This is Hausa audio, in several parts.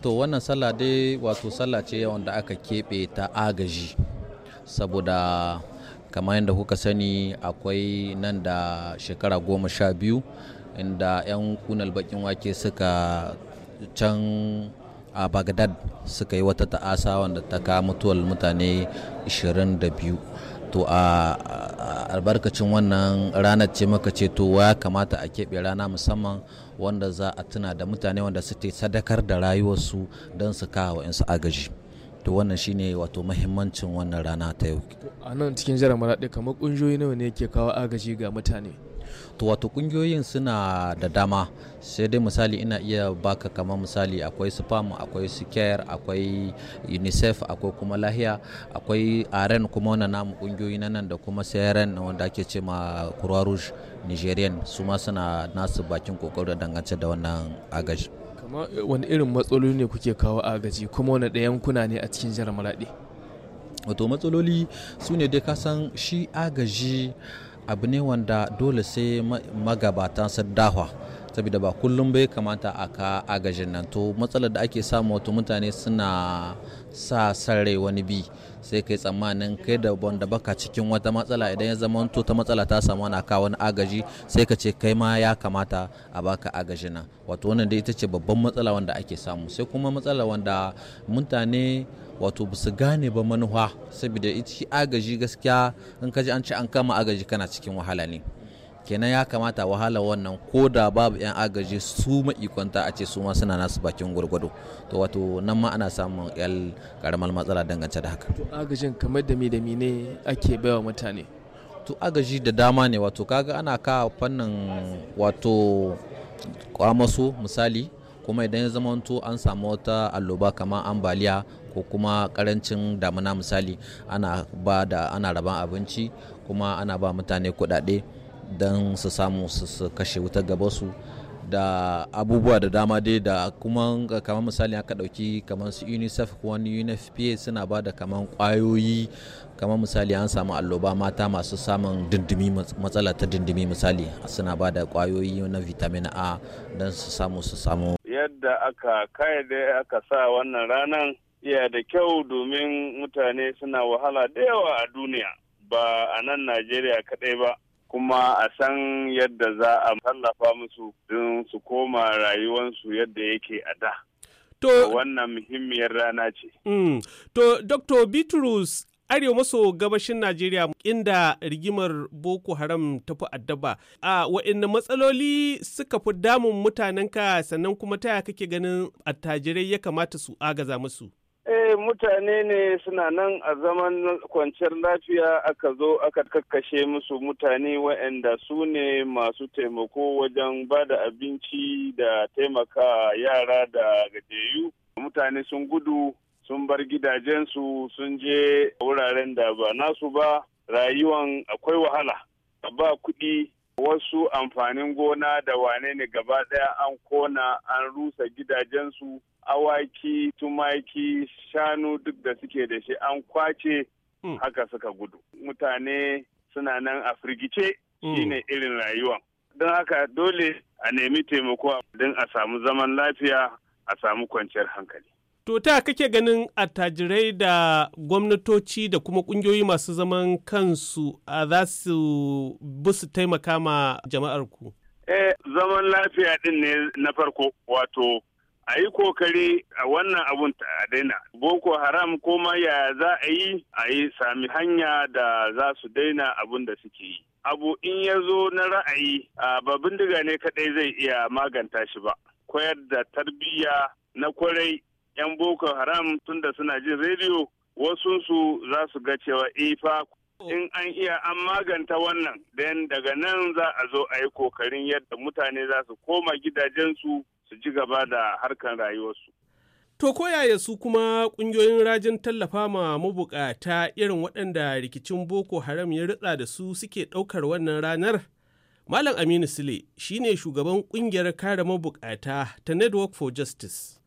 to wannan sallah dai wato sallah ce yawan da aka keɓe ta agaji saboda kamar yadda kuka sani akwai nan da shekara goma sha biyu inda 'yan kunal bakin wake suka can a bagdad suka yi wata ta'asa wanda ta kawo mutuwar mutane 22 to a albarkacin wannan ranar ce maka ce to ya kamata a keɓe rana musamman wanda za a tuna da mutane wanda su sadakar da rayuwarsu don su kawo wa'insu agaji to wannan shine wato mahimmancin wannan rana ta yau a nan cikin jihar maraɗi kamar ƙungiyoyi nawa ne ke kawo agaji ga mutane to wato kungiyoyin suna da dama sai dai misali ina iya baka kamar misali akwai spam akwai secure akwai unicef akwai kuma lahiya akwai aren kuma wannan namu kungiyoyi na nan da kuma seren wanda ake ce ma croix rouge nigerian su ma suna nasu bakin kokarin dangance da wannan agaji kamar wani irin matsaloli ne kuke kawo agaji kuma wani da yankuna ne a cikin jihar maradi wato matsaloli su ne dai kasan shi agaji abu ne wanda dole sai magabatan su dahwa saboda ba kullum bai kamata a ka agajin nan to matsalar da ake samu wato mutane suna sa rai wani bi sai kai tsammanin kai da wanda baka cikin wata matsala idan ya zama to ta matsala ta samu ana ka wani agaji sai ka ce kai ma ya kamata a baka agaji nan wato wannan dai ita ce babban matsala wanda ake samu sai kuma matsala wanda mutane wato ba su gane ba manuwa saboda ita agaji gaskiya in ka ji an ce an kama agaji kana cikin wahala ne kenan ya kamata wahala wannan ko da babu 'yan agaji su ma'ikwanta a ce su ma suna nasu bakin gwargwado to wato nan ma ana samun yal karamar matsala dangance da haka to agajin kamar da da ne ake baiwa mutane to agaji da dama ne wato kaga ana ka fannin wato kwamaso misali kuma idan ya to an samu wata alloba kamar ambaliya ko kuma karancin damuna misali ana ba da ana raban abinci kuma ana ba mutane kuɗaɗe don su samu su kashe wutar gabansu da abubuwa da dama dai da kuma kamar misali aka ɗauki kamar su unicef wani unfpa suna ba da kamar kwayoyi kamar misali an samu alloba mata masu samun dindimi matsala ta dindimi misali suna ba da kwayoyi na vitamin a don su samu su samu yadda aka kayyade aka sa wannan ranan iya da kyau domin mutane suna wahala da yawa a duniya ba a nan najeriya kadai ba kuma a san yadda za a tallafa musu don su koma rayuwarsu yadda yake a da. To, wannan muhimmiyar rana ce. Mm. to, Dr. Bitrus, arewa maso gabashin Najeriya inda rigimar Boko Haram ta fi addaba. A wa'in matsaloli suka fi damun mutanenka sannan kuma taya kake ganin attajirai ya kamata su agaza musu? mutane ne suna nan a zaman kwanciyar lafiya aka zo aka kakkashe musu mutane waɗanda su ne masu taimako wajen ba da abinci da taimaka yara da gajeyu mutane sun gudu sun bar gidajensu sun je wuraren da ba nasu ba rayuwan akwai wahala ba kuɗi wasu amfanin gona da wane ne gaba ɗaya an kona an rusa gidajensu awaki tumaki shanu duk da suke da shi an kwace hmm. haka suka gudu mutane suna nan a firgice hmm. shine irin rayuwa don haka dole a nemi taimako don a samu zaman lafiya a samu kwanciyar hankali To ta kake ganin attajirai da gwamnatoci da kuma kungiyoyi masu zaman kansu a za su bi su taimaka ma jama'ar Eh, zaman lafiya din ne na farko wato a yi kokari a wannan abun a daina. Boko Haram koma ya za a yi a yi sami hanya da za su daina abun da suke yi. Abu in ya zo na ra'ayi ba bindiga ne kaɗai zai iya maganta shi ba. Koyar da tarbiyya na kwarai 'yan boko haram tunda suna jin rediyo wasunsu za su ga cewa ifa eh in an iya an maganta wannan dan daga nan za a zo a yi kokarin yadda mutane za su koma gidajensu su ji gaba da harkar rayuwarsu. To koyaya su kuma ƙungiyoyin rajin tallafa ma mabukata irin waɗanda rikicin Boko Haram ya ritsa da su suke ɗaukar wannan ranar? Malam Aminu Sule shine shugaban ƙungiyar kare mabukata ta Network for Justice.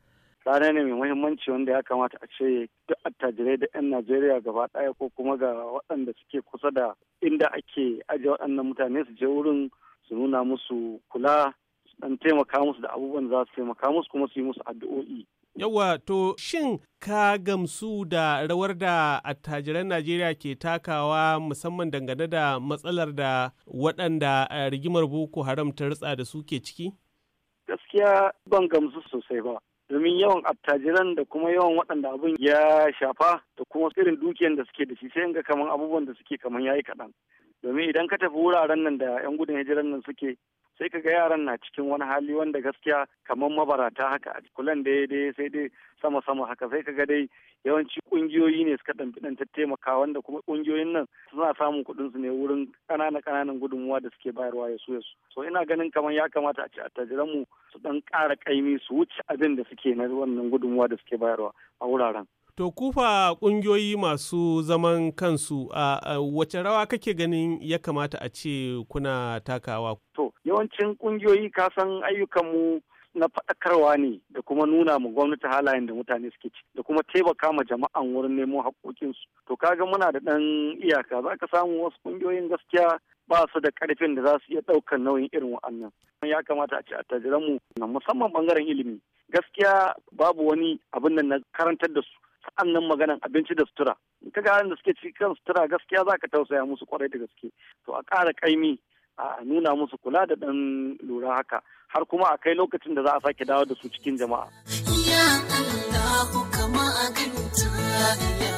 rana ne mai muhimmanci wanda ya kamata a ce duk attajirai da 'yan najeriya gaba ɗaya ko kuma ga waɗanda suke kusa da inda ake ajiye waɗannan mutane su je wurin su nuna musu kula su dan taimaka musu da abubuwan za su taimaka musu kuma su yi musu addu'o'i. Yawa to shin ka gamsu da rawar da attajiran Najeriya ke takawa musamman dangane da matsalar da waɗanda eh, rigimar Boko Haram ta ritsa da su ke ciki? Gaskiya ban gamsu sosai ba. domin yawan attajiran da kuma yawan waɗanda abin ya shafa da kuma irin dukiyan da suke da shi sai ga kaman abubuwan da suke kaman yayi kaɗan domin idan ka tafi wuraren nan da yan gudun hijiran nan suke sai ka ga yaran na cikin wani hali wanda gaskiya kamar mabarata haka a kulan da dai sai dai sama sama haka sai ka ga dai yawanci kungiyoyi ne suka dan ta taimaka wanda kuma kungiyoyin nan suna samun kuɗin su ne wurin ƙananan ƙananan gudunmuwa da suke bayarwa ya su su so ina ganin kamar ya kamata a ce a mu su ɗan ƙara kaimi su wuce abin da suke na wannan gudunmuwa da suke bayarwa a wuraren To kufa ƙungiyoyi masu zaman kansu a wace rawa kake ganin ya kamata a ce kuna takawa? To yawancin kungiyoyi kasan mu na faɗakarwa ne da kuma nuna mu gwamnati halayen da mutane suke ci da kuma taimaka ma jama'an wurin nemo haƙoƙinsu to kaga muna da ɗan iyaka za ka samu wasu ƙungiyoyin gaskiya ba su da ƙarfin da za su iya ɗaukar nauyin irin wa'annan ya kamata a ci a mu na musamman ɓangaren ilimi gaskiya babu wani abin nan na karantar da su sa'an nan maganan abinci da sutura ka ga da suke kan sutura gaskiya za ka tausaya musu kwarai da gaske to a ƙara ƙaimi a nuna musu kula da ɗan lura haka har kuma a kai lokacin da za a sake dawo da su cikin jama'a. Ya Allah kama a